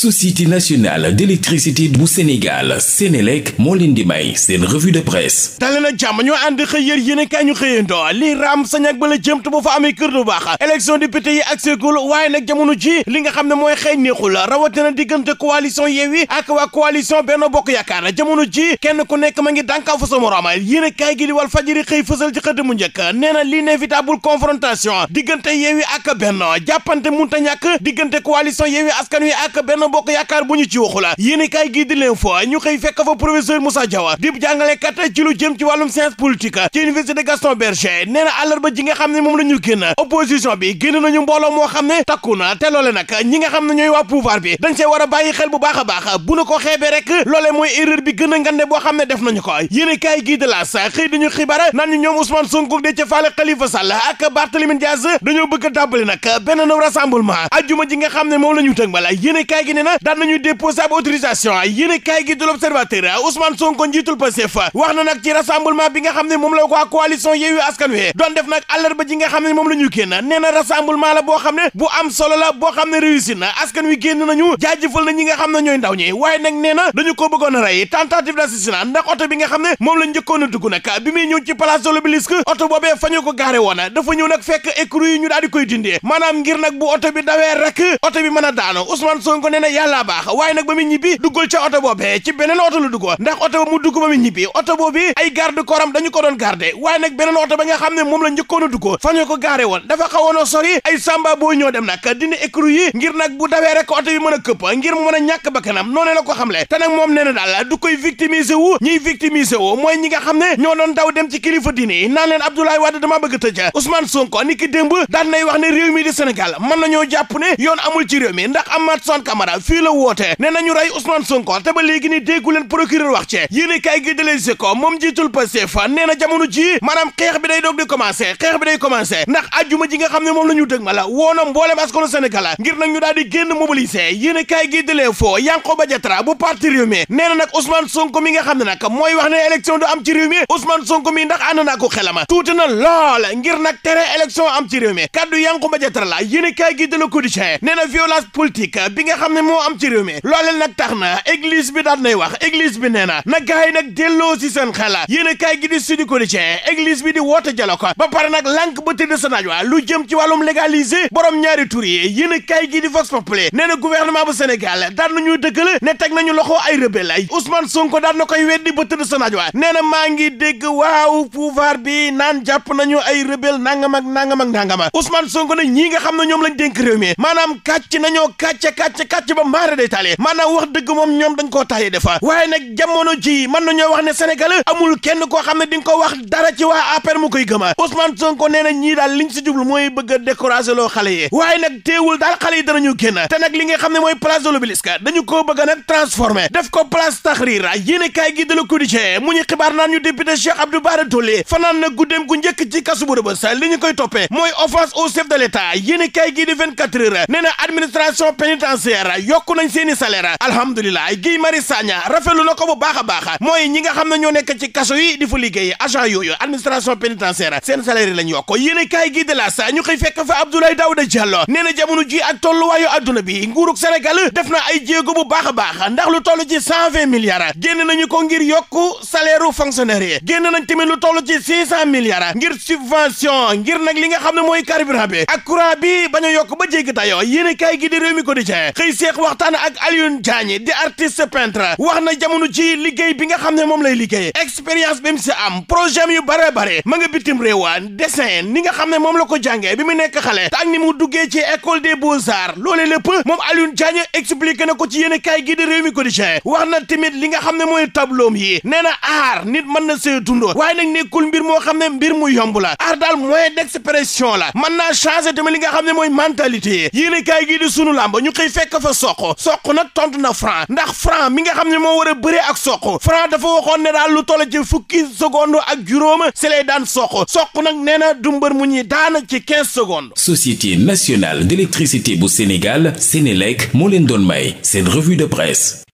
société nationale d'électricité bu Sénégal Sénélec moo leen di may seen revue de presse dale na jàmm ñoo ànd xëy yér yéenekaay ñu xëyandoo li raam sa ñag bala jëm te bu fa amee kër du baax élection député yi ak seegul waaye nag jamono ji li nga xam ne mooy xëy neexul rawatina diggante coalition Yewwi ak waa coalition Benno Bokk Yaakaar jamono ji kenn ku nekk ma ngi dànkaafu sa moroom yéenekaay gi di Walf Fadjri xëy fësal ci xët mu njëkk nee na l'inévitable confrontation diggante Yewwi ak Benno bokk yaakaar bu ñu ci waxu la yéen i kaay gii di leen ñu xëy fekk fa professeur Moussa Diawa di jàngalekat ci lu jëm ci wàllum science politique ci université Gaston Berger nee na àllarba ji ne moom la ñu génn opposition bi génn nañu mbooloo moo xam ne takku te loole nag ñi nga ñooy waa pouvoir bi dañ see war a bàyyi xel bu baax a baax ko xeebee rek loole mooy erreur bi gën a ngande boo xam ne def nañu ko yéen i kaay gii di laas dañu xibaar naan ñu ne na daan nañu déposé ab autorisation yéen kaay gi de l'observateur Ousmane Sonko njiitul Pastef wax na nag ci rassemblement bi nga xam ne moom la waa coalition Yewwi Askan Wi doon def nag àllarba ji nga xam ne moom la ñu génn nee na rassemblement la boo xam ne bu am solo la boo xam ne réussir na askan wi génn nañu jaajëfal na ñi xam ne ñooy ndaw ñi waaye nag nee na dañu ko bëggoon a rey tentative d'assassinat ndax oto bi xam ne moom la njëkkoon a dugg nag bi muy ñëw ci place de l'Obélisque ñu ko gaare woon dafa ñu daal di koy bi dawee oto bi a daanu Ousmane Sonko yàllaa baax waaye nag ba mu ñibbi duggul ca oto boobee ci beneen oto la dugg ndax oto mu dugg ba mu ñibbi oto boobu ay garde corps dañu ko doon garde waaye nag beneen oto ba nga xam ne moom la njëkkoon a dugg fa ñu ko gaare woon dafa xawoon a sori ay samba boo ñoo dem nag dina écrou yi ngir nag bu dawee rek oto bi mën a këpp ngir mu mën a ñàkk bakkanam noonu la ko xamle te nag moom nee na daal du koy victimiser wu ñiy victimiser wu mooy ñi nga xam ne ñoo doon daw dem ci kilifa diine yi naan leen Abdoulaye Wade dama bëgg tëj Ousmane Sonko ni ki démb daan nay wax ne réew mi di Sénégal mën nañoo jàpp ne yoon amul ci réew mi ndax Amath Sone Camara Sénégal fii la woote ne nañu rey Ousmane Sonko te ba léegi ni déggu leen procureur wax ci i kaay gi de Les Échos moom jiitul Pastef nee na jamono ji maanaam xeex bi day doog di commencé xeex bi day ndax ajjuma ji nga xam ne moom la ñu dëg ma la woona mbooleem askanu Sénégal ngir ñu daal génn mobiliser yéen i kaay gi de L'Info Yankhoba Diattara bu parti réew mi nee Sonko mi nga xam ne nag mooy wax ne élection ndax ànd naa ko xelama tuuti na lool ngir nag tere élection am ci réew i kaay gi de Le Quotidien nee ne moo am ci réew mi loole nag tax na église bi daan nay wax église bi nee na na gars yi nag delloo si seen xalaat yéen a kaay gi di Sud Quotidien église bi di woote jalo ba pare nag lànk ba tëdd sa naaj waa lu jëm ci wàllum légaliser borom ñaari tur yi yéen a kaay gi di Vox Populi nee na gouvernement bu Sénégal daan nañu dëggal ne teg nañu loxo ay rebelle lay Ousmane Sonko daan na koy weddi ba tëdd sa naaj na maa ngi dégg waaw pouvoir bi naan jàpp nañu ay rebelle nangam ak nangam ak nangam Ousmane Sonko ne ñii nga xam ne ñoom lañ dénk réew mi sàcc ba maara day taale maanaam wax dëgg moom ñoom dañ koo taayee defa waaye nag jamono ji mën nañoo wax ne Sénégal amul kenn koo xam ne di nga ko wax dara ci waa APR mu koy gëma Ousmane Sonko nee na ñii si jublu mooy bëgg a loo xale yi waaye nag teewul daal xale yi danañu génn te nag li nga xam ne mooy place de l'Obélisque dañu koo bëgg nag transformer def ko place Tahrir yéen kaay gi de Le Quotidien mu ñu xibaar naan ñu député Cheikh Abdou yokku nañ seeni salaire alhamdulilah Guy Marius Sagna rafetlu na ko bu baax a baax mooy ñi nga xam ne ñoo nekk ci kaso yi di liggéey agent yooyu administration pénitentiaire seen salaire lañ yokk yéene kaay gi de la sa ñu koy fekk fa Abdoulaye Daouda Diallo nee na jamono ji ak tolluwaayu adduna bi nguurug Sénégal def na ay jéego bu baax a baax ndax lu toll ci cent vingt milliards génn nañu ko ngir yokku salaire u génn nañ tamit lu toll ci six cent milliards ngir subvention ngir nag li nga xam ne mooy carburant bi ak courant bi bañ a yokk ba jéggi dayoo yéene kaay gi di réew mi seex waxtaan ak Alioune Diagne di artiste peintre wax na jamono ji liggéey bi nga xam ne moom lay liggéey expérience bi mu si am projet yu bare bare ma nga bitim réewaa dessin ni nga xam ne moom la ko jàngee bi mu nekk xale te ak ni mu duggee ci école des beaux-arts loolee lépp moom Alioune Diagne expliqué na ko ci yéen kaay gi di réew mi quotidien wax na tamit li nga xam ne mooy tableau yi nee na aar nit mën na see dund waaye nag nekkul mbir moo xam ne mbir mu yomb la aar daal moyen d'expression la mën li nga xam ne mooy mentalité sooko soq nag tontu na franc ndax franc mi nga xam ne moo war a bëree ak soq franc dafa waxoon ne daal lu toll ci fukki seconde ak juróom si lay daan soq soq nag nee na du mu ñuy daan ci quinze secondes. Société nationale d'électricité bu Sénégal Sénélec moo leen doon may seen revue de presse.